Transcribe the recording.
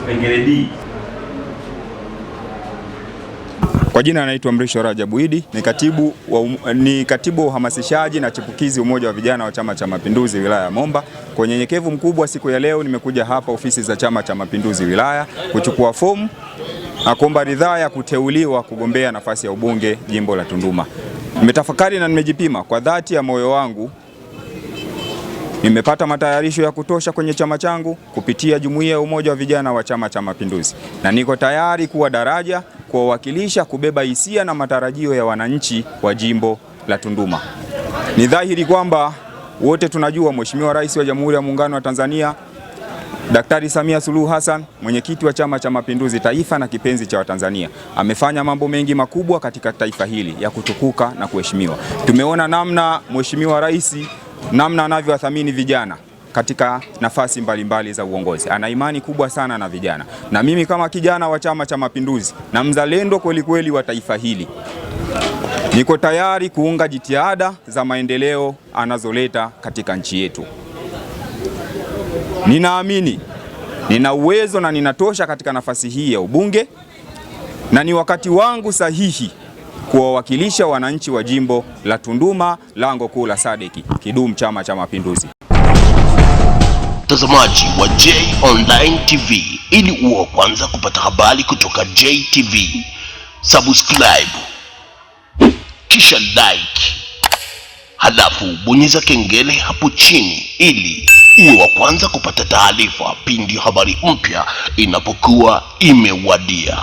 kipengele D. Kwa jina anaitwa Mrisho Rajabu Idi, ni katibu wa um, ni katibu wa uhamasishaji na chipukizi umoja wa vijana wa Chama cha Mapinduzi wilaya ya Momba. Kwa unyenyekevu mkubwa siku ya leo nimekuja hapa ofisi za Chama cha Mapinduzi wilaya kuchukua fomu na kuomba ridhaa ya kuteuliwa kugombea nafasi ya ubunge jimbo la Tunduma. Nimetafakari na nimejipima kwa dhati ya moyo wangu Nimepata matayarisho ya kutosha kwenye chama changu kupitia jumuiya ya umoja wa vijana wa Chama cha Mapinduzi, na niko tayari kuwa daraja kuwawakilisha, kubeba hisia na matarajio ya wananchi wa jimbo la Tunduma. Ni dhahiri kwamba wote tunajua Mheshimiwa Rais wa Jamhuri ya Muungano wa Tanzania Daktari Samia Suluhu Hassan, mwenyekiti wa Chama cha Mapinduzi taifa na kipenzi cha Watanzania, amefanya mambo mengi makubwa katika taifa hili ya kutukuka na kuheshimiwa. Tumeona namna Mheshimiwa Rais namna anavyowathamini vijana katika nafasi mbalimbali mbali za uongozi. Ana imani kubwa sana na vijana, na mimi kama kijana wa Chama cha Mapinduzi na mzalendo kwelikweli wa taifa hili niko tayari kuunga jitihada za maendeleo anazoleta katika nchi yetu. Ninaamini nina uwezo na ninatosha katika nafasi hii ya ubunge, na ni wakati wangu sahihi kuwawakilisha wananchi wa jimbo la Tunduma, lango kuu la Sadeki. Kidumu Chama cha Mapinduzi! Mtazamaji wa J Online TV, ili uwe wa kwanza kupata habari kutoka JTV, subscribe kisha like, halafu bonyeza kengele hapo chini ili uwe wa kwanza kupata taarifa pindi habari mpya inapokuwa imewadia.